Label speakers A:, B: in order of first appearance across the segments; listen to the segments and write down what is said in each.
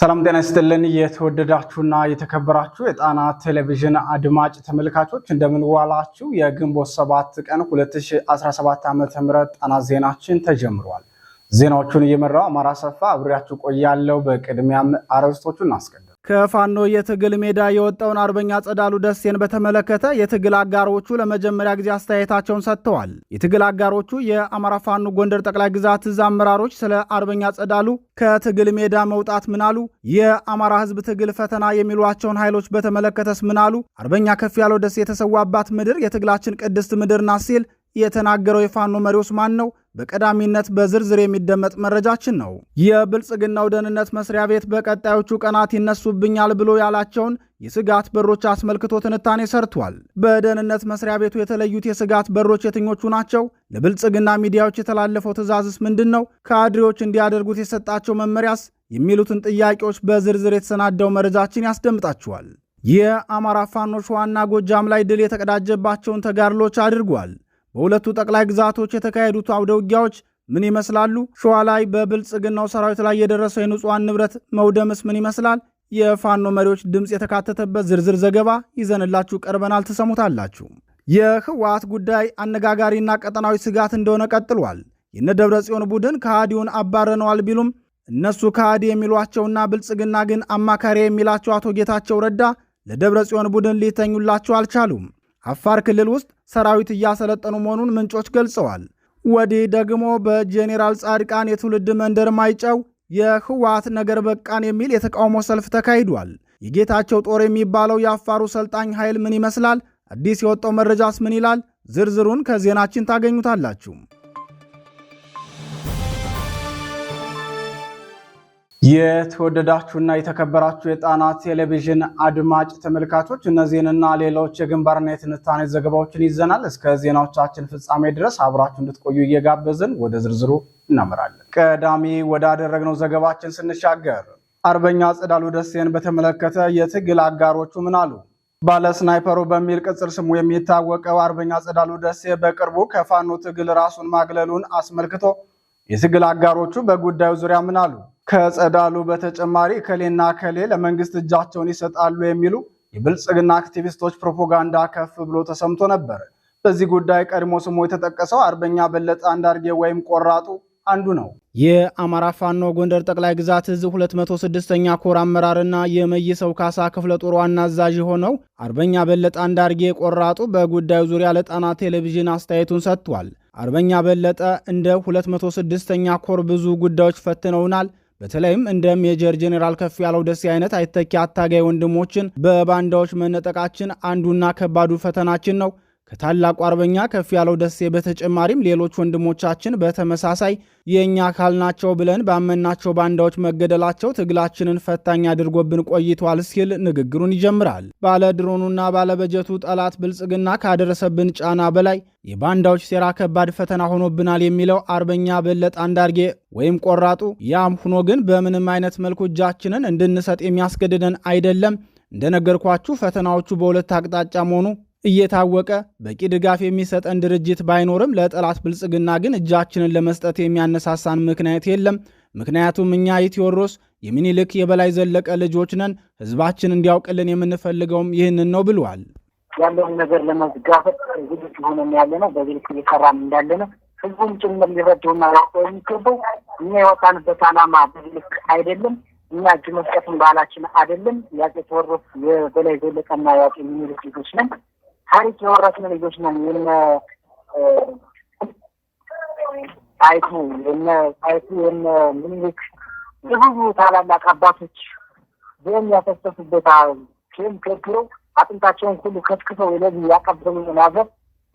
A: ሰላም ጤና ይስጥልን። የተወደዳችሁና የተከበራችሁ የጣና ቴሌቪዥን አድማጭ ተመልካቾች እንደምንዋላችሁ። የግንቦት ሰባት ቀን 2017 ዓ ም ጣና ዜናችን ተጀምሯል። ዜናዎቹን እየመራው አማራ ሰፋ አብሬያችሁ ቆያለው። በቅድሚያም አርዕስቶቹን እናስቀድም። ከፋኖ የትግል ሜዳ የወጣውን አርበኛ ጸዳሉ ደሴን በተመለከተ የትግል አጋሮቹ ለመጀመሪያ ጊዜ አስተያየታቸውን ሰጥተዋል። የትግል አጋሮቹ የአማራ ፋኖ ጎንደር ጠቅላይ ግዛት እዝ አመራሮች ስለ አርበኛ ጸዳሉ ከትግል ሜዳ መውጣት ምናሉ፣ የአማራ ሕዝብ ትግል ፈተና የሚሏቸውን ኃይሎች በተመለከተስ ምናሉ፣ አርበኛ ከፍ ያለው ደሴ የተሰዋባት ምድር የትግላችን ቅድስት ምድር ናት ሲል የተናገረው የፋኖ መሪውስ ማን ነው? በቀዳሚነት በዝርዝር የሚደመጥ መረጃችን ነው። የብልጽግናው ደህንነት መስሪያ ቤት በቀጣዮቹ ቀናት ይነሱብኛል ብሎ ያላቸውን የስጋት በሮች አስመልክቶ ትንታኔ ሰርቷል። በደህንነት መስሪያ ቤቱ የተለዩት የስጋት በሮች የትኞቹ ናቸው? ለብልጽግና ሚዲያዎች የተላለፈው ትዕዛዝስ ምንድን ነው? ካድሬዎች እንዲያደርጉት የሰጣቸው መመሪያስ? የሚሉትን ጥያቄዎች በዝርዝር የተሰናዳው መረጃችን ያስደምጣችኋል። የአማራ ፋኖች ዋና ጎጃም ላይ ድል የተቀዳጀባቸውን ተጋድሎች አድርጓል። በሁለቱ ጠቅላይ ግዛቶች የተካሄዱት አውደ ውጊያዎች ምን ይመስላሉ? ሸዋ ላይ በብልጽግናው ሰራዊት ላይ የደረሰው የንጹሐን ንብረት መውደምስ ምን ይመስላል? የፋኖ መሪዎች ድምፅ የተካተተበት ዝርዝር ዘገባ ይዘንላችሁ ቀርበናል። ትሰሙታላችሁ። የህወሓት ጉዳይ አነጋጋሪና ቀጠናዊ ስጋት እንደሆነ ቀጥሏል። የነ ደብረ ጽዮን ቡድን ከሃዲውን አባረነዋል ቢሉም እነሱ ከሃዲ የሚሏቸውና ብልጽግና ግን አማካሪ የሚላቸው አቶ ጌታቸው ረዳ ለደብረ ጽዮን ቡድን ሊተኙላቸው አልቻሉም። አፋር ክልል ውስጥ ሰራዊት እያሰለጠኑ መሆኑን ምንጮች ገልጸዋል። ወዲህ ደግሞ በጄኔራል ጻድቃን የትውልድ መንደር ማይጨው የህወሓት ነገር በቃን የሚል የተቃውሞ ሰልፍ ተካሂዷል። የጌታቸው ጦር የሚባለው የአፋሩ ሰልጣኝ ኃይል ምን ይመስላል? አዲስ የወጣው መረጃስ ምን ይላል? ዝርዝሩን ከዜናችን ታገኙታላችሁ። የተወደዳችሁና የተከበራችሁ የጣና ቴሌቪዥን አድማጭ ተመልካቾች እነዚህንና ሌሎች የግንባርና የትንታኔ ዘገባዎችን ይዘናል። እስከ ዜናዎቻችን ፍጻሜ ድረስ አብራችሁ እንድትቆዩ እየጋበዝን ወደ ዝርዝሩ እናመራለን። ቀዳሚ ወዳደረግነው ዘገባችን ስንሻገር አርበኛ ፀዳሉ ደሴን በተመለከተ የትግል አጋሮቹ ምን አሉ? ባለ ስናይፐሩ በሚል ቅጽል ስሙ የሚታወቀው አርበኛ ፀዳሉ ደሴ በቅርቡ ከፋኖ ትግል ራሱን ማግለሉን አስመልክቶ የትግል አጋሮቹ በጉዳዩ ዙሪያ ምን አሉ? ከጸዳሉ በተጨማሪ እከሌና እከሌ ለመንግስት እጃቸውን ይሰጣሉ የሚሉ የብልጽግና አክቲቪስቶች ፕሮፓጋንዳ ከፍ ብሎ ተሰምቶ ነበር። በዚህ ጉዳይ ቀድሞ ስሙ የተጠቀሰው አርበኛ በለጠ አንዳርጌ ወይም ቆራጡ አንዱ ነው። የአማራ ፋኖ ጎንደር ጠቅላይ ግዛት እዝ 206ኛ ኮር አመራርና የመይሰው ካሳ ክፍለ ጦር ዋና አዛዥ የሆነው አርበኛ በለጠ አንዳርጌ ቆራጡ በጉዳዩ ዙሪያ ለጣና ቴሌቪዥን አስተያየቱን ሰጥቷል። አርበኛ በለጠ እንደ 206ኛ ኮር ብዙ ጉዳዮች ፈትነውናል በተለይም እንደ ሜጀር ጄኔራል ከፍ ያለው ደሴ አይነት አይተኪ አታጋይ ወንድሞችን በባንዳዎች መነጠቃችን አንዱና ከባዱ ፈተናችን ነው። ከታላቁ አርበኛ ከፍ ያለው ደሴ በተጨማሪም ሌሎች ወንድሞቻችን በተመሳሳይ የእኛ አካል ናቸው ብለን ባመናቸው ባንዳዎች መገደላቸው ትግላችንን ፈታኝ አድርጎብን ቆይቷል ሲል ንግግሩን ይጀምራል። ባለ ድሮኑና ባለበጀቱ ጠላት ብልጽግና ካደረሰብን ጫና በላይ የባንዳዎች ሴራ ከባድ ፈተና ሆኖብናል የሚለው አርበኛ በለጠ አንዳርጌ ወይም ቆራጡ፣ ያም ሆኖ ግን በምንም አይነት መልኩ እጃችንን እንድንሰጥ የሚያስገድደን አይደለም። እንደነገርኳችሁ ፈተናዎቹ በሁለት አቅጣጫ መሆኑ እየታወቀ በቂ ድጋፍ የሚሰጠን ድርጅት ባይኖርም ለጠላት ብልጽግና ግን እጃችንን ለመስጠት የሚያነሳሳን ምክንያት የለም። ምክንያቱም እኛ የቴዎድሮስ የሚኒልክ የበላይ ዘለቀ ልጆች ነን። ህዝባችን እንዲያውቅልን የምንፈልገውም ይህንን ነው ብለዋል።
B: ያለውን ነገር ለመጋፈጥ ዝግጅ ሆነን ያለ ነው። በዚህ እየሰራን እንዳለ ነው። ህዝቡም ጭምር ሊረዳውና ሊያውቀው የሚገባው እኛ የወጣንበት ዓላማ በዚህ አይደለም። እኛ እጅ መስጠትን ባህላችን አይደለም። የአፄ ቴዎድሮስ የበላይ ዘለቀና የአፄ ሚኒልክ ልጆች ነን። ታሪክ የወረስን ልጆች ነን። የነ ጣይቱ የነ ጣይቱ የነ ምኒልክ የብዙ ታላላቅ አባቶች ደም ያፈሰሱበት ፊልም ከክሮ አጥንታቸውን ሁሉ ከትክተው ለዚህ ያቀበሉን ሀገር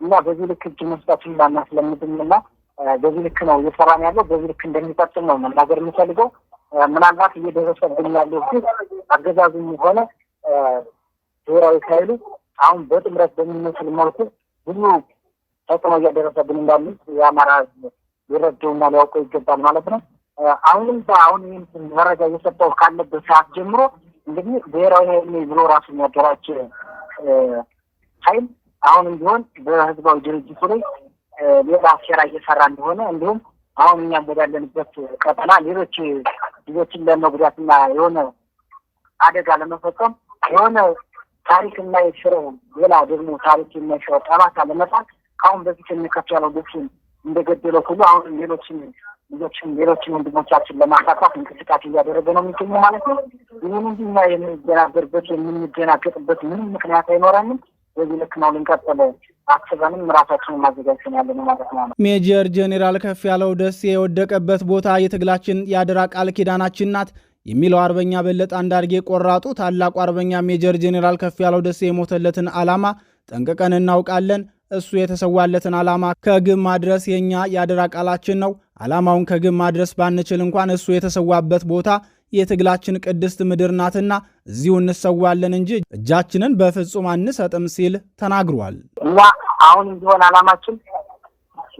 B: እና በዚህ ልክ እጅ መስጠቱን ባናስለምድም እና በዚህ ልክ ነው እየሰራን ያለው። በዚህ ልክ እንደሚቀጥል ነው መናገር የምፈልገው። ምናልባት እየደረሰብን ያለው ግን አገዛዙም ሆነ ብሔራዊ ኃይሉ አሁን በጥምረት በሚመስል መልኩ ብዙ ተጽዕኖ እያደረሰብን እንዳሉ የአማራ ሊረደውና ሊያውቀው ይገባል ማለት ነው። አሁንም በአሁን ይህም መረጃ እየሰጠው ካለበት ሰዓት ጀምሮ እንግዲህ ብሔራዊ ኃይል ብሎ ራሱ የሚያደራጅ ኃይል አሁንም ቢሆን በህዝባዊ ድርጅቱ ላይ ሌላ ሴራ እየሰራ እንደሆነ እንዲሁም አሁን እኛም ወዳለንበት ቀጠና ሌሎች ልጆችን ለመጉዳትና የሆነ አደጋ ለመፈጸም የሆነ ታሪክ የማይሽረው ሌላ ደግሞ ታሪክ የማይሽረው ጠባሳ ለመጣል ከአሁን በፊት የሚከተለው ልብሱን እንደገደለው ሁሉ አሁን ሌሎችን ልጆችን ሌሎችን ወንድሞቻችን ለማሳጣት እንቅስቃሴ እያደረገ ነው የሚገኘ ማለት ነው። ይህን እንዲኛ እኛ የምንደናገርበት የምንደናገጥበት ምንም ምክንያት አይኖረንም። በዚህ ልክ ነው ልንቀጥል አስበንም ራሳችንን ማዘጋጅን ያለ ማለት ነው።
A: ሜጀር ጄኔራል ከፍ ያለው ደሴ የወደቀበት ቦታ የትግላችን የአደራ ቃል ኪዳናችን ናት። የሚለው አርበኛ በለጠ አንዳርጌ ቆራጡ ታላቁ አርበኛ ሜጀር ጄኔራል ከፍ ያለው ደሴ የሞተለትን ዓላማ ጠንቅቀን እናውቃለን። እሱ የተሰዋለትን ዓላማ ከግብ ማድረስ የእኛ የአደራ ቃላችን ነው። ዓላማውን ከግብ ማድረስ ባንችል እንኳን እሱ የተሰዋበት ቦታ የትግላችን ቅድስት ምድር ናትና እዚሁ እንሰዋለን እንጂ እጃችንን በፍጹም አንሰጥም ሲል ተናግሯል።
B: እኛ አሁንም ቢሆን ዓላማችን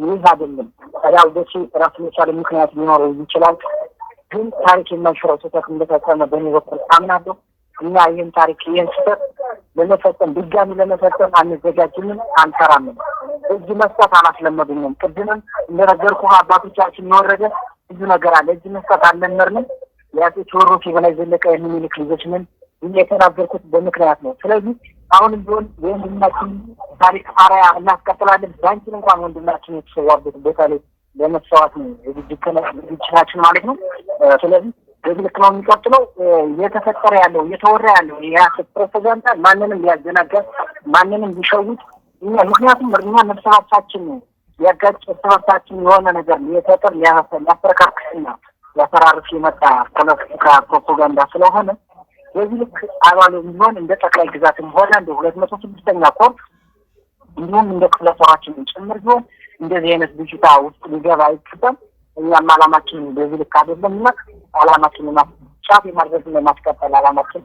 B: ይህ አይደለም። ያው ደሴ ራሱ የቻለ ምክንያት ሊኖረው ይችላል ግን ታሪክ የማይሽረው ስህተት እንደፈጸመ በእኔ በኩል አምናለሁ። እኛ ይህን ታሪክ ይህን ስህተት ለመፈጸም ድጋሚ ለመፈጸም አንዘጋጅምም፣ አንሰራምም። እጅ መስጠት አላስለመዱንም። ቅድምም እንደነገርኩ አባቶቻችን የወረደ ብዙ ነገር አለ። እጅ መስጠት አልለመድንም። የአፄ ቴዎድሮስ የበላይ ዘለቀ የሚኒልክ ልጆች ምን ይህ የተናገርኩት በምክንያት ነው። ስለዚህ አሁንም ቢሆን ወንድማችን ታሪክ አርአያ እናስቀጥላለን። ባንቺን እንኳን ወንድማችን የተሰዋበት ቦታ ላይ ለመስዋዕት ዝግጅታችን ማለት ነው። ስለዚህ በዚህ ልክ ነው የሚቀጥለው። እየተፈጠረ ያለው እየተወራ ያለው የሀሰት ፕሮፓጋንዳ ማንንም ሊያዘናጋ ማንንም ሊሸውት እኛ ምክንያቱም እኛ እርስ በርሳችን ሊያጋጭ እርስ በርሳችን የሆነ ነገር ሊፈጥር ሊያፈረካክስና ሊያፈራርስ የመጣ ፖለቲካ ፕሮፓጋንዳ ስለሆነ በዚህ ልክ አባል የሚሆን እንደ ጠቅላይ ግዛትም ሆነ እንደ ሁለት መቶ ስድስተኛ ኮር እንዲሁም እንደ ክፍለ ጦራችን ጭምር ቢሆን እንደዚህ አይነት ብዥታ ውስጥ ሊገባ አይችልም። እኛም አላማችን በዚህ ልክ አይደለም እና አላማችን ጫፍ የማድረግ ማስቀጠል አላማችን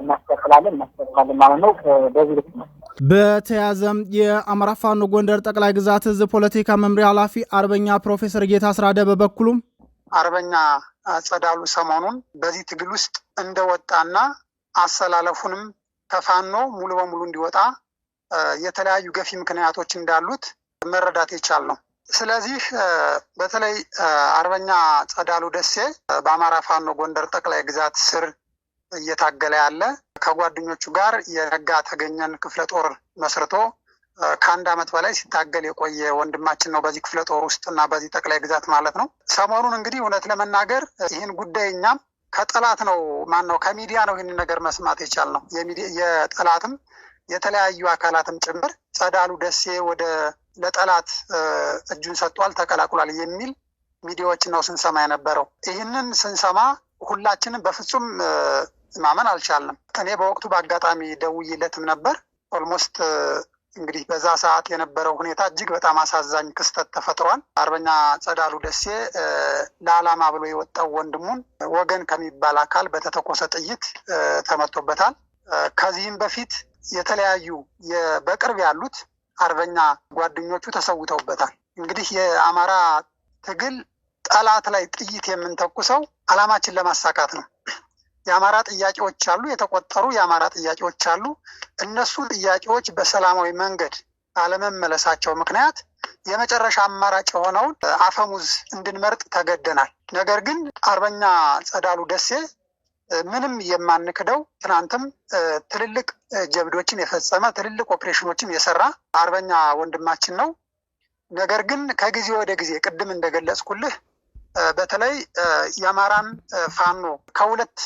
B: እናስቀጥላለን እናስቀጥላለን ማለት ነው። በዚህ ልክ ነው።
A: በተያዘም የአማራ ፋኖ ጎንደር ጠቅላይ ግዛት እዝ ፖለቲካ መምሪያ ኃላፊ አርበኛ ፕሮፌሰር ጌታ ስራደ በበኩሉም
C: አርበኛ ጸዳሉ ሰሞኑን በዚህ ትግል ውስጥ እንደወጣና አሰላለፉንም ከፋኖ ሙሉ በሙሉ እንዲወጣ የተለያዩ ገፊ ምክንያቶች እንዳሉት መረዳት ነው ስለዚህ በተለይ አርበኛ ጸዳሉ ደሴ በአማራ ፋኖ ጎንደር ጠቅላይ ግዛት ስር እየታገለ ያለ ከጓደኞቹ ጋር የነጋ ተገኘን ክፍለ ጦር መስርቶ ከአንድ ዓመት በላይ ሲታገል የቆየ ወንድማችን ነው። በዚህ ክፍለ ጦር ውስጥ እና በዚህ ጠቅላይ ግዛት ማለት ነው። ሰሞኑን እንግዲህ እውነት ለመናገር ይህን ጉዳይ እኛም ከጠላት ነው ማን ነው ከሚዲያ ነው ይህን ነገር መስማት የቻልነው የጠላትም የተለያዩ አካላትም ጭምር ጸዳሉ ደሴ ወደ ለጠላት እጁን ሰጥቷል፣ ተቀላቅሏል የሚል ሚዲያዎች ነው ስንሰማ የነበረው። ይህንን ስንሰማ ሁላችንም በፍጹም ማመን አልቻልንም። እኔ በወቅቱ በአጋጣሚ ደውዬለትም ነበር። ኦልሞስት እንግዲህ በዛ ሰዓት የነበረው ሁኔታ እጅግ በጣም አሳዛኝ ክስተት ተፈጥሯል። አርበኛ ጸዳሉ ደሴ ለዓላማ ብሎ የወጣው ወንድሙን ወገን ከሚባል አካል በተተኮሰ ጥይት ተመቶበታል። ከዚህም በፊት የተለያዩ በቅርብ ያሉት አርበኛ ጓደኞቹ ተሰውተውበታል። እንግዲህ የአማራ ትግል ጠላት ላይ ጥይት የምንተኩሰው አላማችን ለማሳካት ነው። የአማራ ጥያቄዎች አሉ፣ የተቆጠሩ የአማራ ጥያቄዎች አሉ። እነሱ ጥያቄዎች በሰላማዊ መንገድ ባለመመለሳቸው ምክንያት የመጨረሻ አማራጭ የሆነውን አፈሙዝ እንድንመርጥ ተገደናል። ነገር ግን አርበኛ ጸዳሉ ደሴ ምንም የማንክደው ትናንትም ትልልቅ ጀብዶችን የፈጸመ ትልልቅ ኦፕሬሽኖችን የሰራ አርበኛ ወንድማችን ነው። ነገር ግን ከጊዜ ወደ ጊዜ ቅድም እንደገለጽኩልህ በተለይ የአማራን ፋኖ ከሁለት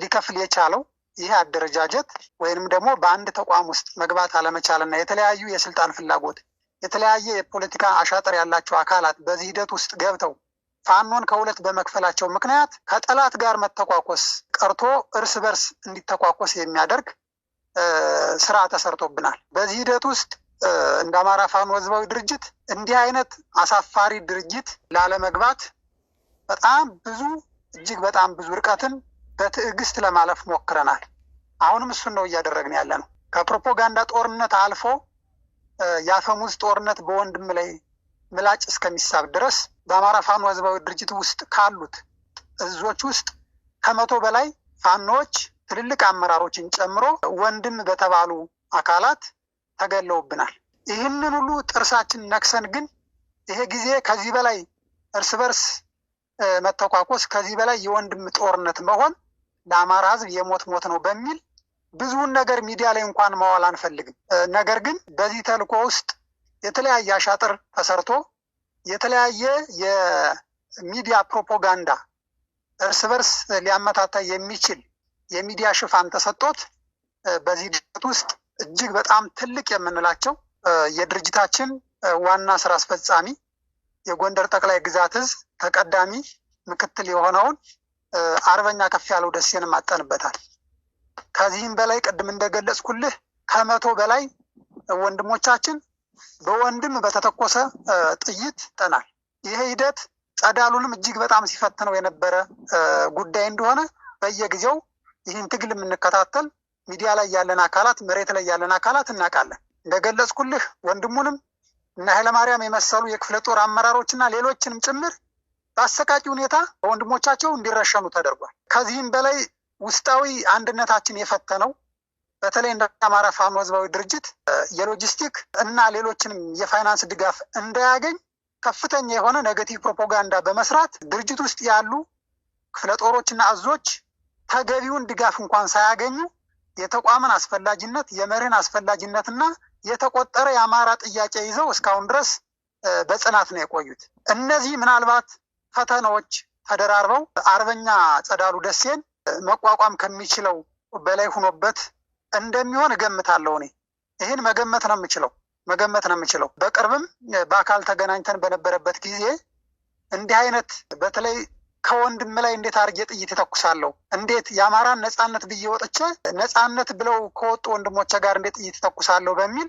C: ሊከፍል የቻለው ይህ አደረጃጀት ወይንም ደግሞ በአንድ ተቋም ውስጥ መግባት አለመቻልና የተለያዩ የስልጣን ፍላጎት የተለያየ የፖለቲካ አሻጠር ያላቸው አካላት በዚህ ሂደት ውስጥ ገብተው ፋኖን ከሁለት በመክፈላቸው ምክንያት ከጠላት ጋር መተኳኮስ ቀርቶ እርስ በርስ እንዲተኳኮስ የሚያደርግ ስራ ተሰርቶብናል። በዚህ ሂደት ውስጥ እንደ አማራ ፋኖ ህዝባዊ ድርጅት እንዲህ አይነት አሳፋሪ ድርጅት ላለመግባት በጣም ብዙ እጅግ በጣም ብዙ ርቀትን በትዕግስት ለማለፍ ሞክረናል። አሁንም እሱን ነው እያደረግን ያለ ነው። ከፕሮፓጋንዳ ጦርነት አልፎ የአፈሙዝ ጦርነት በወንድም ላይ ምላጭ እስከሚሳብ ድረስ በአማራ ፋኖ ህዝባዊ ድርጅት ውስጥ ካሉት እዞች ውስጥ ከመቶ በላይ ፋኖዎች ትልልቅ አመራሮችን ጨምሮ ወንድም በተባሉ አካላት ተገለውብናል። ይህንን ሁሉ ጥርሳችን ነክሰን ግን ይሄ ጊዜ ከዚህ በላይ እርስ በርስ መተኳኮስ፣ ከዚህ በላይ የወንድም ጦርነት መሆን ለአማራ ህዝብ የሞት ሞት ነው በሚል ብዙውን ነገር ሚዲያ ላይ እንኳን ማዋል አንፈልግም። ነገር ግን በዚህ ተልእኮ ውስጥ የተለያየ አሻጥር ተሰርቶ የተለያየ የሚዲያ ፕሮፓጋንዳ እርስ በርስ ሊያመታታ የሚችል የሚዲያ ሽፋን ተሰጥቶት በዚህ ድርጅት ውስጥ እጅግ በጣም ትልቅ የምንላቸው የድርጅታችን ዋና ስራ አስፈጻሚ የጎንደር ጠቅላይ ግዛት እዝ ተቀዳሚ ምክትል የሆነውን አርበኛ ከፍ ያለው ደሴን ማጠንበታል። ከዚህም በላይ ቅድም እንደገለጽኩልህ ከመቶ በላይ ወንድሞቻችን በወንድም በተተኮሰ ጥይት ጠናል። ይሄ ሂደት ጸዳሉንም እጅግ በጣም ሲፈትነው የነበረ ጉዳይ እንደሆነ በየጊዜው ይህን ትግል የምንከታተል ሚዲያ ላይ ያለን አካላት፣ መሬት ላይ ያለን አካላት እናውቃለን። እንደገለጽኩልህ ወንድሙንም እና ኃይለማርያም የመሰሉ የክፍለ ጦር አመራሮችና ሌሎችንም ጭምር በአሰቃቂ ሁኔታ በወንድሞቻቸው እንዲረሸኑ ተደርጓል። ከዚህም በላይ ውስጣዊ አንድነታችን የፈተነው በተለይ እንደ አማራ ፋኖ ህዝባዊ ድርጅት የሎጂስቲክ እና ሌሎችንም የፋይናንስ ድጋፍ እንዳያገኝ ከፍተኛ የሆነ ኔጌቲቭ ፕሮፓጋንዳ በመስራት ድርጅት ውስጥ ያሉ ክፍለ ጦሮችና እዞች ተገቢውን ድጋፍ እንኳን ሳያገኙ የተቋምን አስፈላጊነት የመርህን አስፈላጊነትና የተቆጠረ የአማራ ጥያቄ ይዘው እስካሁን ድረስ በጽናት ነው የቆዩት። እነዚህ ምናልባት ፈተናዎች ተደራርበው አርበኛ ጸዳሉ ደሴን መቋቋም ከሚችለው በላይ ሁኖበት እንደሚሆን እገምታለሁ። እኔ ይህን መገመት ነው የምችለው መገመት ነው የምችለው። በቅርብም በአካል ተገናኝተን በነበረበት ጊዜ እንዲህ አይነት በተለይ ከወንድም ላይ እንዴት አድርጌ ጥይት ተኩሳለሁ? እንዴት የአማራን ነጻነት ብዬ ወጥቼ ነጻነት ብለው ከወጡ ወንድሞቼ ጋር እንዴት ጥይት ተኩሳለሁ? በሚል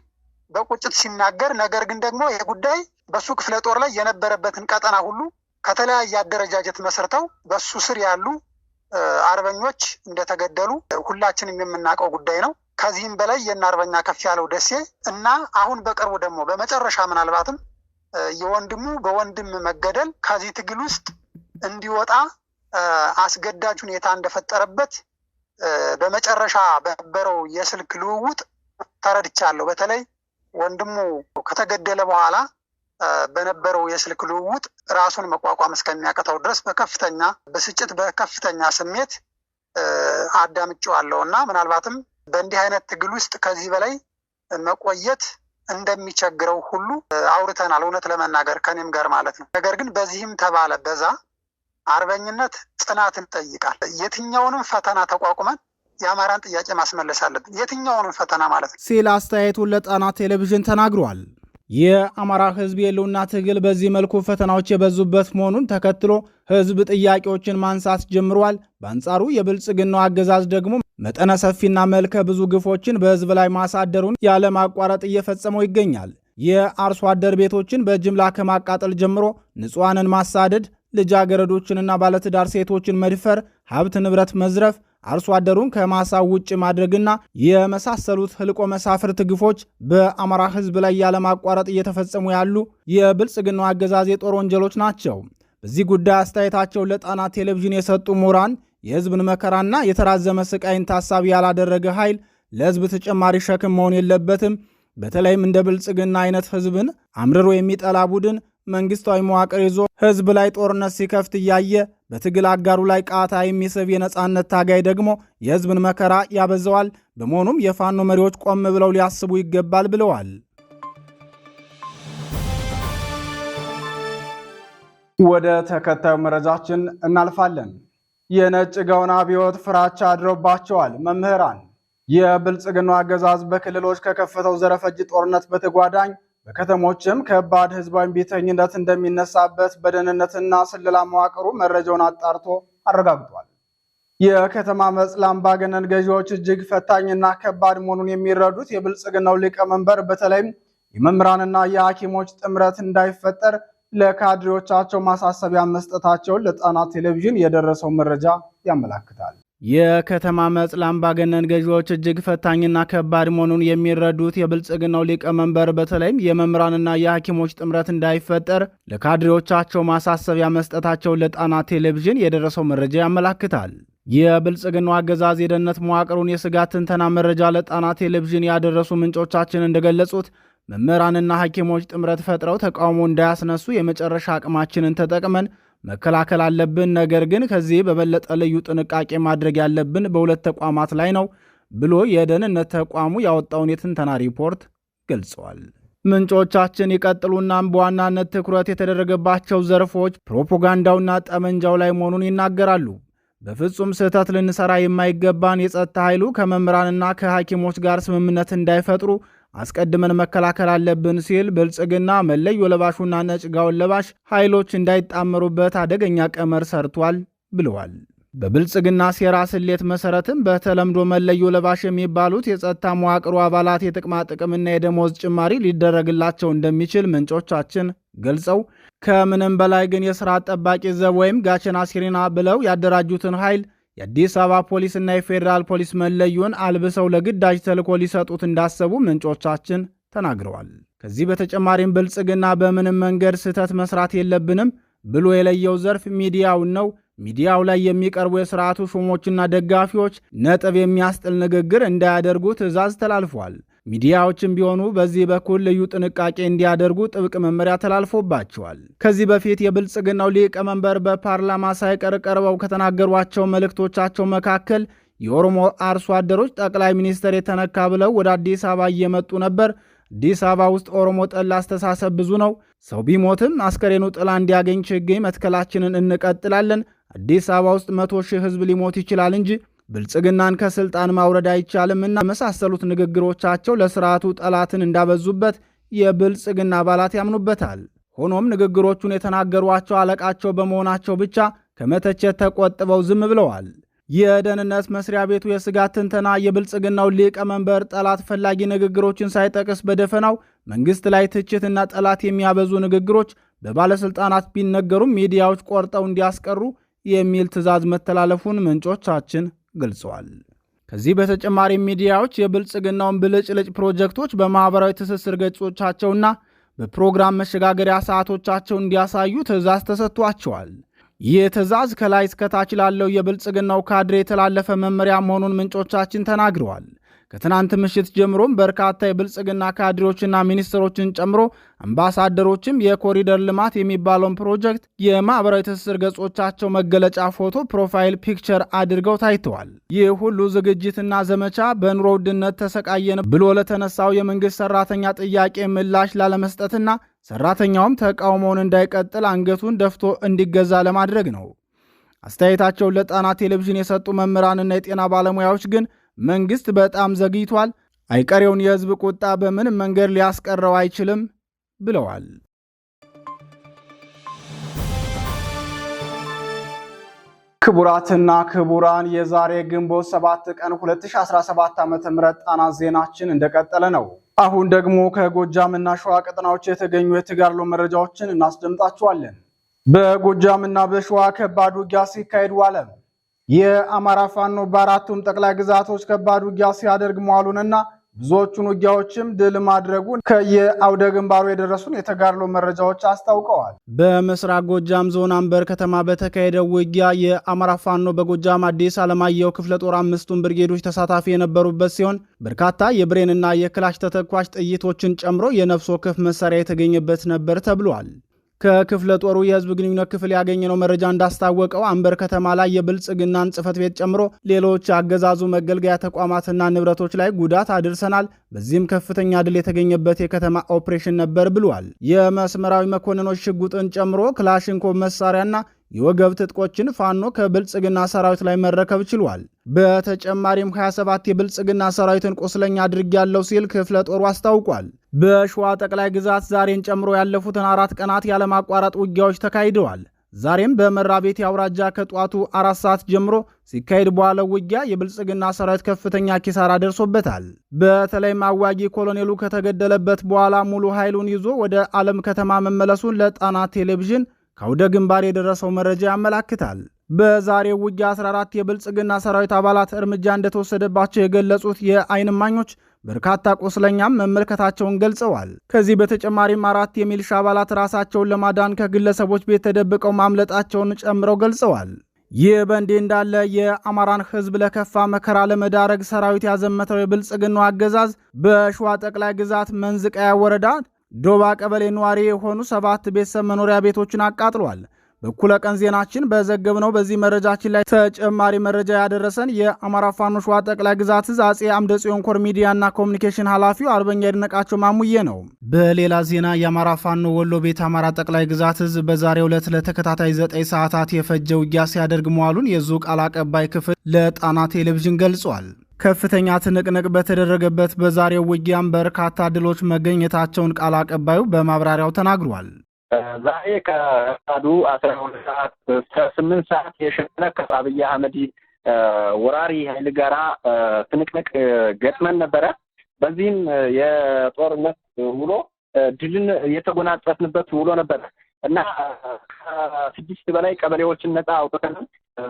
C: በቁጭት ሲናገር፣ ነገር ግን ደግሞ ይህ ጉዳይ በሱ ክፍለ ጦር ላይ የነበረበትን ቀጠና ሁሉ ከተለያየ አደረጃጀት መስርተው በሱ ስር ያሉ አርበኞች እንደተገደሉ ሁላችንም የምናውቀው ጉዳይ ነው። ከዚህም በላይ የእነ አርበኛ ከፍ ያለው ደሴ እና አሁን በቅርቡ ደግሞ በመጨረሻ ምናልባትም የወንድሙ በወንድም መገደል ከዚህ ትግል ውስጥ እንዲወጣ አስገዳጅ ሁኔታ እንደፈጠረበት በመጨረሻ በነበረው የስልክ ልውውጥ ተረድቻለሁ። በተለይ ወንድሙ ከተገደለ በኋላ በነበረው የስልክ ልውውጥ ራሱን መቋቋም እስከሚያቀተው ድረስ በከፍተኛ ብስጭት በከፍተኛ ስሜት አዳምጬዋለሁ እና ምናልባትም በእንዲህ አይነት ትግል ውስጥ ከዚህ በላይ መቆየት እንደሚቸግረው ሁሉ አውርተናል። እውነት ለመናገር ከኔም ጋር ማለት ነው። ነገር ግን በዚህም ተባለ በዛ አርበኝነት ጽናትን ይጠይቃል። የትኛውንም ፈተና ተቋቁመን የአማራን ጥያቄ ማስመለስ አለብን። የትኛውንም ፈተና ማለት
A: ነው ሲል አስተያየቱን ለጣና ቴሌቪዥን ተናግሯል። የአማራ ህዝብ የህልውና ትግል በዚህ መልኩ ፈተናዎች የበዙበት መሆኑን ተከትሎ ህዝብ ጥያቄዎችን ማንሳት ጀምሯል። በአንጻሩ የብልጽግናው አገዛዝ ደግሞ መጠነ ሰፊና መልከ ብዙ ግፎችን በህዝብ ላይ ማሳደሩን ያለማቋረጥ እየፈጸመው ይገኛል። የአርሶ አደር ቤቶችን በጅምላ ከማቃጠል ጀምሮ ንጹሐንን ማሳደድ ልጃገረዶችንና ባለትዳር ሴቶችን መድፈር፣ ሀብት ንብረት መዝረፍ፣ አርሶ አደሩን ከማሳ ውጭ ማድረግና የመሳሰሉት ህልቆ መሳፍርት ግፎች በአማራ ህዝብ ላይ ያለማቋረጥ እየተፈጸሙ ያሉ የብልጽግናው አገዛዝ የጦር ወንጀሎች ናቸው። በዚህ ጉዳይ አስተያየታቸው ለጣና ቴሌቪዥን የሰጡ ምሁራን የህዝብን መከራና የተራዘመ ስቃይን ታሳቢ ያላደረገ ኃይል ለህዝብ ተጨማሪ ሸክም መሆን የለበትም። በተለይም እንደ ብልጽግና አይነት ህዝብን አምርሮ የሚጠላ ቡድን መንግስታዊ መዋቅር ይዞ ህዝብ ላይ ጦርነት ሲከፍት እያየ በትግል አጋሩ ላይ ቃታ የሚስብ የነፃነት ታጋይ ደግሞ የህዝብን መከራ ያበዘዋል። በመሆኑም የፋኖ መሪዎች ቆም ብለው ሊያስቡ ይገባል ብለዋል። ወደ ተከታዩ መረጃችን እናልፋለን። የነጭ ጋውን አብዮት ፍራቻ አድሮባቸዋል መምህራን። የብልጽግናው አገዛዝ በክልሎች ከከፈተው ዘረፈጅ ጦርነት በተጓዳኝ በከተሞችም ከባድ ህዝባዊ ቤተኝነት እንደሚነሳበት በደህንነትና ስለላ መዋቅሩ መረጃውን አጣርቶ አረጋግጧል። የከተማ አመፅ ለአምባገነን ገዢዎች እጅግ ፈታኝና ከባድ መሆኑን የሚረዱት የብልጽግናው ሊቀመንበር በተለይም የመምህራንና የሐኪሞች ጥምረት እንዳይፈጠር ለካድሬዎቻቸው ማሳሰቢያ መስጠታቸውን ለጣና ቴሌቪዥን የደረሰው መረጃ ያመላክታል። የከተማ አመጽ ለአምባገነን ገዢዎች እጅግ ፈታኝና ከባድ መሆኑን የሚረዱት የብልጽግናው ሊቀመንበር በተለይም የመምህራንና የሐኪሞች ጥምረት እንዳይፈጠር ለካድሬዎቻቸው ማሳሰቢያ መስጠታቸውን ለጣና ቴሌቪዥን የደረሰው መረጃ ያመላክታል። የብልጽግናው አገዛዝ የደህንነት መዋቅሩን የስጋት ትንተና መረጃ ለጣና ቴሌቪዥን ያደረሱ ምንጮቻችን እንደገለጹት መምህራንና ሐኪሞች ጥምረት ፈጥረው ተቃውሞ እንዳያስነሱ የመጨረሻ አቅማችንን ተጠቅመን መከላከል አለብን። ነገር ግን ከዚህ በበለጠ ልዩ ጥንቃቄ ማድረግ ያለብን በሁለት ተቋማት ላይ ነው ብሎ የደህንነት ተቋሙ ያወጣውን የትንተና ሪፖርት ገልጸዋል። ምንጮቻችን ይቀጥሉናም በዋናነት ትኩረት የተደረገባቸው ዘርፎች ፕሮፓጋንዳውና ጠመንጃው ላይ መሆኑን ይናገራሉ። በፍጹም ስህተት ልንሰራ የማይገባን የጸጥታ ኃይሉ ከመምህራንና ከሐኪሞች ጋር ስምምነት እንዳይፈጥሩ አስቀድመን መከላከል አለብን ሲል ብልጽግና መለዮ ለባሹና ነጭ ጋውን ለባሽ ኃይሎች እንዳይጣመሩበት አደገኛ ቀመር ሰርቷል ብለዋል። በብልጽግና ሴራ ስሌት መሰረትም በተለምዶ መለዮ ለባሽ የሚባሉት የጸጥታ መዋቅሩ አባላት የጥቅማ ጥቅምና የደሞዝ ጭማሪ ሊደረግላቸው እንደሚችል ምንጮቻችን ገልጸው ከምንም በላይ ግን የሥራ ጠባቂ ዘብ ወይም ጋቸና ሲሪና ብለው ያደራጁትን ኃይል የአዲስ አበባ ፖሊስና የፌዴራል ፖሊስ መለዩን አልብሰው ለግዳጅ ተልኮ ሊሰጡት እንዳሰቡ ምንጮቻችን ተናግረዋል። ከዚህ በተጨማሪም ብልጽግና በምንም መንገድ ስህተት መስራት የለብንም ብሎ የለየው ዘርፍ ሚዲያውን ነው። ሚዲያው ላይ የሚቀርቡ የሥርዓቱ ሹሞችና ደጋፊዎች ነጥብ የሚያስጥል ንግግር እንዳያደርጉ ትዕዛዝ ተላልፏል። ሚዲያዎችም ቢሆኑ በዚህ በኩል ልዩ ጥንቃቄ እንዲያደርጉ ጥብቅ መመሪያ ተላልፎባቸዋል። ከዚህ በፊት የብልጽግናው ሊቀመንበር በፓርላማ ሳይቀር ቀርበው ከተናገሯቸው መልእክቶቻቸው መካከል የኦሮሞ አርሶ አደሮች ጠቅላይ ሚኒስትር የተነካ ብለው ወደ አዲስ አበባ እየመጡ ነበር። አዲስ አበባ ውስጥ ኦሮሞ ጠል አስተሳሰብ ብዙ ነው። ሰው ቢሞትም አስከሬኑ ጥላ እንዲያገኝ ችግኝ መትከላችንን እንቀጥላለን። አዲስ አበባ ውስጥ መቶ ሺህ ህዝብ ሊሞት ይችላል እንጂ ብልጽግናን ከስልጣን ማውረድ አይቻልም እና የመሳሰሉት ንግግሮቻቸው ለስርዓቱ ጠላትን እንዳበዙበት የብልጽግና አባላት ያምኑበታል። ሆኖም ንግግሮቹን የተናገሯቸው አለቃቸው በመሆናቸው ብቻ ከመተቸት ተቆጥበው ዝም ብለዋል። የደህንነት መስሪያ ቤቱ የስጋት ትንተና የብልጽግናው ሊቀመንበር ጠላት ፈላጊ ንግግሮችን ሳይጠቅስ በደፈናው መንግስት ላይ ትችትና ጠላት የሚያበዙ ንግግሮች በባለሥልጣናት ቢነገሩም ሚዲያዎች ቆርጠው እንዲያስቀሩ የሚል ትዕዛዝ መተላለፉን ምንጮቻችን ገልጸዋል። ከዚህ በተጨማሪ ሚዲያዎች የብልጽግናውን ብልጭልጭ ፕሮጀክቶች በማኅበራዊ ትስስር ገጾቻቸውና በፕሮግራም መሸጋገሪያ ሰዓቶቻቸው እንዲያሳዩ ትዕዛዝ ተሰጥቷቸዋል። ይህ ትዕዛዝ ከላይ እስከታች ላለው የብልጽግናው ካድሬ የተላለፈ መመሪያ መሆኑን ምንጮቻችን ተናግረዋል። ከትናንት ምሽት ጀምሮም በርካታ የብልጽግና ካድሬዎችና ሚኒስትሮችን ጨምሮ አምባሳደሮችም የኮሪደር ልማት የሚባለውን ፕሮጀክት የማኅበራዊ ትስስር ገጾቻቸው መገለጫ ፎቶ ፕሮፋይል ፒክቸር አድርገው ታይተዋል። ይህ ሁሉ ዝግጅትና ዘመቻ በኑሮ ውድነት ተሰቃየን ብሎ ለተነሳው የመንግሥት ሠራተኛ ጥያቄ ምላሽ ላለመስጠትና ሠራተኛውም ተቃውሞውን እንዳይቀጥል አንገቱን ደፍቶ እንዲገዛ ለማድረግ ነው። አስተያየታቸውን ለጣና ቴሌቪዥን የሰጡ መምህራንና የጤና ባለሙያዎች ግን መንግስት በጣም ዘግይቷል፣ አይቀሬውን የህዝብ ቁጣ በምንም መንገድ ሊያስቀረው አይችልም ብለዋል። ክቡራትና ክቡራን የዛሬ ግንቦት 7 ቀን 2017 ም ጣና ዜናችን እንደቀጠለ ነው። አሁን ደግሞ ከጎጃም እና ሸዋ ቀጠናዎች የተገኙ የተጋድሎ መረጃዎችን እናስደምጣችኋለን። በጎጃምና በሸዋ ከባድ ውጊያ ሲካሄድ ዋለም የአማራ ፋኖ በአራቱም ጠቅላይ ግዛቶች ከባድ ውጊያ ሲያደርግ መዋሉንና ብዙዎቹን ውጊያዎችም ድል ማድረጉን ከየአውደ ግንባሩ የደረሱን የተጋድሎ መረጃዎች አስታውቀዋል። በምስራቅ ጎጃም ዞን አንበር ከተማ በተካሄደው ውጊያ የአማራ ፋኖ በጎጃም አዲስ አለማየሁ ክፍለ ጦር አምስቱን ብርጌዶች ተሳታፊ የነበሩበት ሲሆን በርካታ የብሬንና የክላሽ ተተኳሽ ጥይቶችን ጨምሮ የነፍስ ወከፍ መሳሪያ የተገኘበት ነበር ተብሏል። ከክፍለ ጦሩ የህዝብ ግንኙነት ክፍል ያገኘነው መረጃ እንዳስታወቀው አንበር ከተማ ላይ የብልጽግናን ጽህፈት ቤት ጨምሮ ሌሎች አገዛዙ መገልገያ ተቋማትና ንብረቶች ላይ ጉዳት አድርሰናል፣ በዚህም ከፍተኛ ድል የተገኘበት የከተማ ኦፕሬሽን ነበር ብሏል። የመስመራዊ መኮንኖች ሽጉጥን ጨምሮ ክላሽንኮቭ መሳሪያና የወገብ ትጥቆችን ፋኖ ከብልጽግና ሰራዊት ላይ መረከብ ችሏል። በተጨማሪም 27 የብልጽግና ሰራዊትን ቁስለኛ ያለው ሲል ክፍለ ጦሩ አስታውቋል። በሸዋ ጠቅላይ ግዛት ዛሬን ጨምሮ ያለፉትን አራት ቀናት ያለማቋረጥ ውጊያዎች ተካሂደዋል። ዛሬም በመራቤቴ አውራጃ ከጧቱ አራት ሰዓት ጀምሮ ሲካሄድ በኋላው ውጊያ የብልጽግና ሰራዊት ከፍተኛ ኪሳራ ደርሶበታል። በተለይም አዋጊ ኮሎኔሉ ከተገደለበት በኋላ ሙሉ ኃይሉን ይዞ ወደ ዓለም ከተማ መመለሱን ለጣና ቴሌቪዥን ከአውደ ግንባር የደረሰው መረጃ ያመላክታል። በዛሬው ውጊያ 14 የብልጽግና ሰራዊት አባላት እርምጃ እንደተወሰደባቸው የገለጹት የአይን እማኞች በርካታ ቁስለኛም መመልከታቸውን ገልጸዋል። ከዚህ በተጨማሪም አራት የሚልሻ አባላት ራሳቸውን ለማዳን ከግለሰቦች ቤት ተደብቀው ማምለጣቸውን ጨምረው ገልጸዋል። ይህ በእንዲህ እንዳለ የአማራን ሕዝብ ለከፋ መከራ ለመዳረግ ሰራዊት ያዘመተው የብልጽግናው አገዛዝ በሸዋ ጠቅላይ ግዛት መንዝቃያ ወረዳ ዶባ ቀበሌ ነዋሪ የሆኑ ሰባት ቤተሰብ መኖሪያ ቤቶችን አቃጥሏል። በኩለ ቀን ዜናችን በዘገብነው በዚህ መረጃችን ላይ ተጨማሪ መረጃ ያደረሰን የአማራ ፋኖ ሸዋ ጠቅላይ ግዛት ዕዝ አጼ አምደ ጽዮን ኮር ሚዲያና ኮሚኒኬሽን ኃላፊው አርበኛ ያድነቃቸው ማሙዬ ነው። በሌላ ዜና የአማራ ፋኖ ወሎ ቤት አማራ ጠቅላይ ግዛት ዕዝ በዛሬው ዕለት ለተከታታይ ዘጠኝ ሰዓታት የፈጀ ውጊያ ሲያደርግ መዋሉን የዙ ቃል አቀባይ ክፍል ለጣና ቴሌቪዥን ገልጿል። ከፍተኛ ትንቅንቅ በተደረገበት በዛሬው ውጊያም በርካታ ድሎች መገኘታቸውን ቃል አቀባዩ በማብራሪያው ተናግሯል።
D: ዛሬ ከረፋዱ አስራ ሁለት ሰዓት እስከ ስምንት ሰዓት የሸነ ከአብይ አህመድ ወራሪ ኃይል ጋራ ትንቅንቅ ገጥመን ነበረ። በዚህም የጦርነት ውሎ ድልን የተጎናጸፍንበት ውሎ ነበረ። እና ከስድስት በላይ ቀበሌዎችን ነጻ አውጥተናል።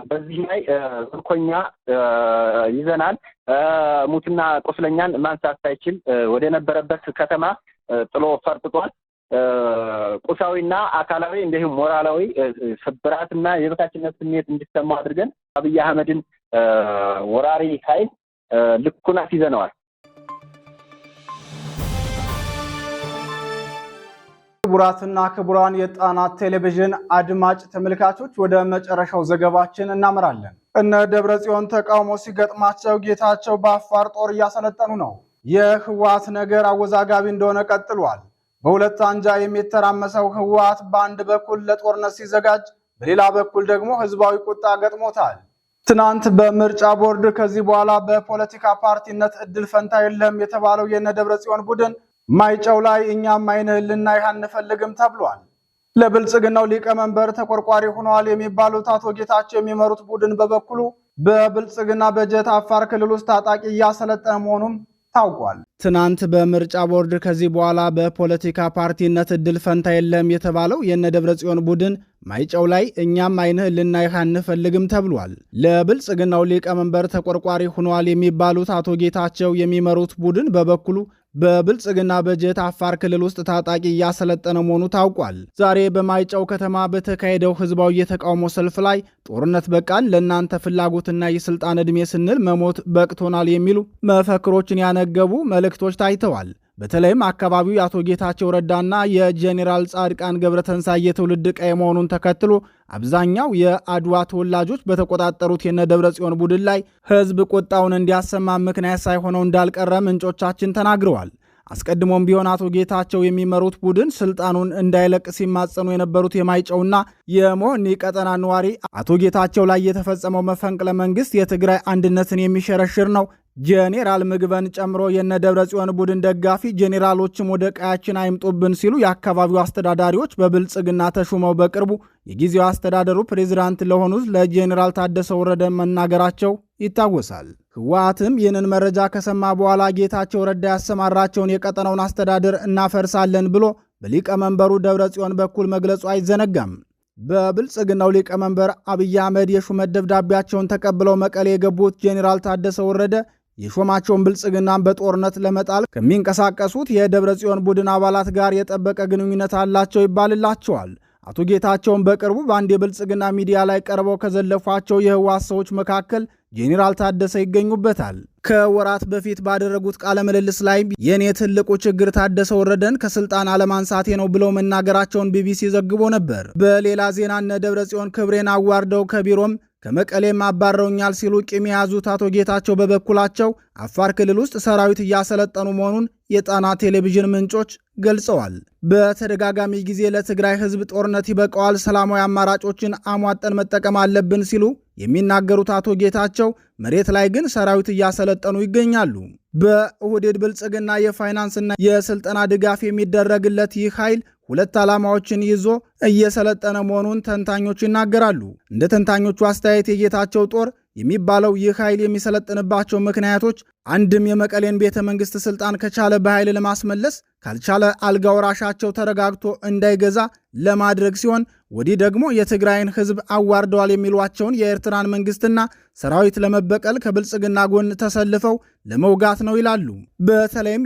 D: በዚህ ላይ ምርኮኛ ይዘናል። ሙትና ቁስለኛን ማንሳት ሳይችል ወደ ነበረበት ከተማ ጥሎ ፈርጥጧል። ቁሳዊና አካላዊ እንዲሁም ሞራላዊ ስብራትና የበታችነት ስሜት እንዲሰማው አድርገን አብይ አህመድን ወራሪ ኃይል ልኩናት ይዘነዋል።
A: ክቡራትና ክቡራን የጣና ቴሌቪዥን አድማጭ ተመልካቾች ወደ መጨረሻው ዘገባችን እናመራለን። እነ ደብረ ጽዮን ተቃውሞ ሲገጥማቸው ጌታቸው በአፋር ጦር እያሰለጠኑ ነው። የህወሓት ነገር አወዛጋቢ እንደሆነ ቀጥሏል። በሁለት አንጃ የሚተራመሰው ህወሓት በአንድ በኩል ለጦርነት ሲዘጋጅ፣ በሌላ በኩል ደግሞ ህዝባዊ ቁጣ ገጥሞታል። ትናንት በምርጫ ቦርድ ከዚህ በኋላ በፖለቲካ ፓርቲነት እድል ፈንታ የለም የተባለው የነ ደብረ ጽዮን ቡድን ማይጨው ላይ እኛም አይነ ህልና ይህ አንፈልግም ተብሏል። ለብልጽግናው ሊቀመንበር ተቆርቋሪ ሆነዋል የሚባሉት አቶ ጌታቸው የሚመሩት ቡድን በበኩሉ በብልጽግና በጀት አፋር ክልል ውስጥ ታጣቂ እያሰለጠነ መሆኑም ታውቋል። ትናንት በምርጫ ቦርድ ከዚህ በኋላ በፖለቲካ ፓርቲነት እድል ፈንታ የለም የተባለው የነደብረ ጽዮን ቡድን ማይጨው ላይ እኛም አይንህ ልናይህ አንፈልግም ተብሏል። ለብልጽግናው ሊቀመንበር ተቆርቋሪ ሆነዋል የሚባሉት አቶ ጌታቸው የሚመሩት ቡድን በበኩሉ በብልጽግና በጀት አፋር ክልል ውስጥ ታጣቂ እያሰለጠነ መሆኑ ታውቋል። ዛሬ በማይጨው ከተማ በተካሄደው ህዝባዊ የተቃውሞ ሰልፍ ላይ ጦርነት በቃን፣ ለእናንተ ፍላጎትና የስልጣን ዕድሜ ስንል መሞት በቅቶናል የሚሉ መፈክሮችን ያነገቡ መልእክቶች ታይተዋል። በተለይም አካባቢው የአቶ ጌታቸው ረዳና የጄኔራል ጻድቃን ገብረተንሳይ የትውልድ ቀይ መሆኑን ተከትሎ አብዛኛው የአድዋ ተወላጆች በተቆጣጠሩት የነ ደብረ ጽዮን ቡድን ላይ ህዝብ ቁጣውን እንዲያሰማ ምክንያት ሳይሆነው እንዳልቀረ ምንጮቻችን ተናግረዋል። አስቀድሞም ቢሆን አቶ ጌታቸው የሚመሩት ቡድን ስልጣኑን እንዳይለቅ ሲማጸኑ የነበሩት የማይጨውና የሞኒ ቀጠና ነዋሪ አቶ ጌታቸው ላይ የተፈጸመው መፈንቅለ መንግስት የትግራይ አንድነትን የሚሸረሽር ነው፣ ጄኔራል ምግበን ጨምሮ የነ ደብረ ጽዮን ቡድን ደጋፊ ጄኔራሎችም ወደ ቀያችን አይምጡብን ሲሉ የአካባቢው አስተዳዳሪዎች በብልጽግና ተሹመው በቅርቡ የጊዜው አስተዳደሩ ፕሬዚዳንት ለሆኑት ለጄኔራል ታደሰ ወረደ መናገራቸው ይታወሳል። ህወሓትም ይህንን መረጃ ከሰማ በኋላ ጌታቸው ረዳ ያሰማራቸውን የቀጠናውን አስተዳደር እናፈርሳለን ብሎ በሊቀመንበሩ ደብረ ጽዮን በኩል መግለጹ አይዘነጋም። በብልጽግናው ሊቀመንበር አብይ አህመድ የሹመት ደብዳቤያቸውን ተቀብለው መቀሌ የገቡት ጄኔራል ታደሰ ወረደ የሾማቸውን ብልጽግናን በጦርነት ለመጣል ከሚንቀሳቀሱት የደብረ ጽዮን ቡድን አባላት ጋር የጠበቀ ግንኙነት አላቸው ይባልላቸዋል። አቶ ጌታቸውን በቅርቡ በአንድ የብልጽግና ሚዲያ ላይ ቀርበው ከዘለፏቸው የህወሓት ሰዎች መካከል ጄኔራል ታደሰ ይገኙበታል። ከወራት በፊት ባደረጉት ቃለ ምልልስ ላይ የእኔ ትልቁ ችግር ታደሰ ወረደን ከስልጣን አለማንሳቴ ነው ብለው መናገራቸውን ቢቢሲ ዘግቦ ነበር። በሌላ ዜና እነ ደብረ ጽዮን ክብሬን አዋርደው ከቢሮም ከመቀሌም አባረውኛል ሲሉ ቂም የያዙት አቶ ጌታቸው በበኩላቸው አፋር ክልል ውስጥ ሰራዊት እያሰለጠኑ መሆኑን የጣና ቴሌቪዥን ምንጮች ገልጸዋል። በተደጋጋሚ ጊዜ ለትግራይ ሕዝብ ጦርነት ይበቃዋል፣ ሰላማዊ አማራጮችን አሟጠን መጠቀም አለብን ሲሉ የሚናገሩት አቶ ጌታቸው መሬት ላይ ግን ሰራዊት እያሰለጠኑ ይገኛሉ። በውህዴድ ብልጽግና የፋይናንስና የስልጠና ድጋፍ የሚደረግለት ይህ ኃይል ሁለት ዓላማዎችን ይዞ እየሰለጠነ መሆኑን ተንታኞቹ ይናገራሉ። እንደ ተንታኞቹ አስተያየት የጌታቸው ጦር የሚባለው ይህ ኃይል የሚሰለጥንባቸው ምክንያቶች አንድም የመቀሌን ቤተ መንግሥት ሥልጣን ከቻለ በኃይል ለማስመለስ ካልቻለ አልጋ ወራሻቸው ተረጋግቶ እንዳይገዛ ለማድረግ ሲሆን ወዲህ ደግሞ የትግራይን ሕዝብ አዋርደዋል የሚሏቸውን የኤርትራን መንግስትና ሰራዊት ለመበቀል ከብልጽግና ጎን ተሰልፈው ለመውጋት ነው ይላሉ። በተለይም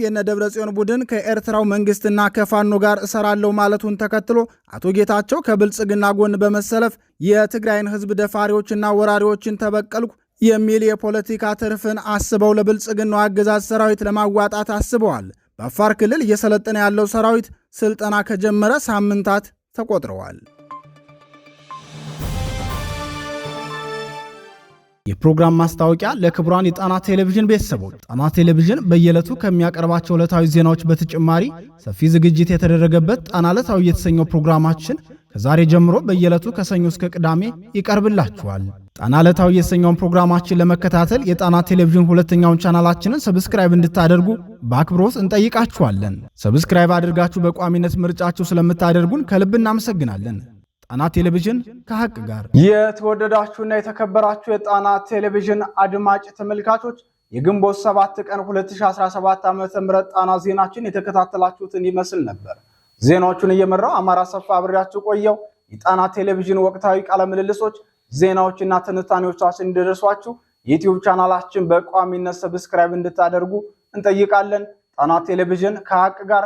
A: ጽዮን ቡድን ከኤርትራው መንግስትና ከፋኖ ጋር እሰራለሁ ማለቱን ተከትሎ አቶ ጌታቸው ከብልጽግና ጎን በመሰለፍ የትግራይን ሕዝብ ደፋሪዎችና ወራሪዎችን ተበቀልኩ የሚል የፖለቲካ ትርፍን አስበው ለብልጽግናው አገዛዝ ሰራዊት ለማዋጣት አስበዋል። በአፋር ክልል እየሰለጠነ ያለው ሰራዊት ስልጠና ከጀመረ ሳምንታት ተቆጥረዋል። የፕሮግራም ማስታወቂያ ለክቡራን የጣና ቴሌቪዥን ቤተሰቦች። ጣና ቴሌቪዥን በየዕለቱ ከሚያቀርባቸው ዕለታዊ ዜናዎች በተጨማሪ ሰፊ ዝግጅት የተደረገበት ጣና ዕለታዊ የተሰኘው ፕሮግራማችን ከዛሬ ጀምሮ በየዕለቱ ከሰኞ እስከ ቅዳሜ ይቀርብላችኋል። ጣና ዕለታዊ የተሰኘውን ፕሮግራማችን ለመከታተል የጣና ቴሌቪዥን ሁለተኛውን ቻናላችንን ሰብስክራይብ እንድታደርጉ በአክብሮት እንጠይቃችኋለን። ሰብስክራይብ አድርጋችሁ በቋሚነት ምርጫችሁ ስለምታደርጉን ከልብ እናመሰግናለን። ጣና ቴሌቪዥን ከሀቅ ጋር። የተወደዳችሁና የተከበራችሁ የጣና ቴሌቪዥን አድማጭ ተመልካቾች የግንቦት 7 ቀን 2017 ዓ.ም ጣና ዜናችን የተከታተላችሁትን ይመስል ነበር። ዜናዎቹን እየመራው አማራ ሰፋ አብሬያችሁ ቆየው። የጣና ቴሌቪዥን ወቅታዊ ቃለ ምልልሶች ዜናዎችና ትንታኔዎቻችን እንዲደርሷችሁ የዩትዩብ ቻናላችን በቋሚነት ሰብስክራይብ እንድታደርጉ እንጠይቃለን። ጣና ቴሌቪዥን ከሀቅ ጋር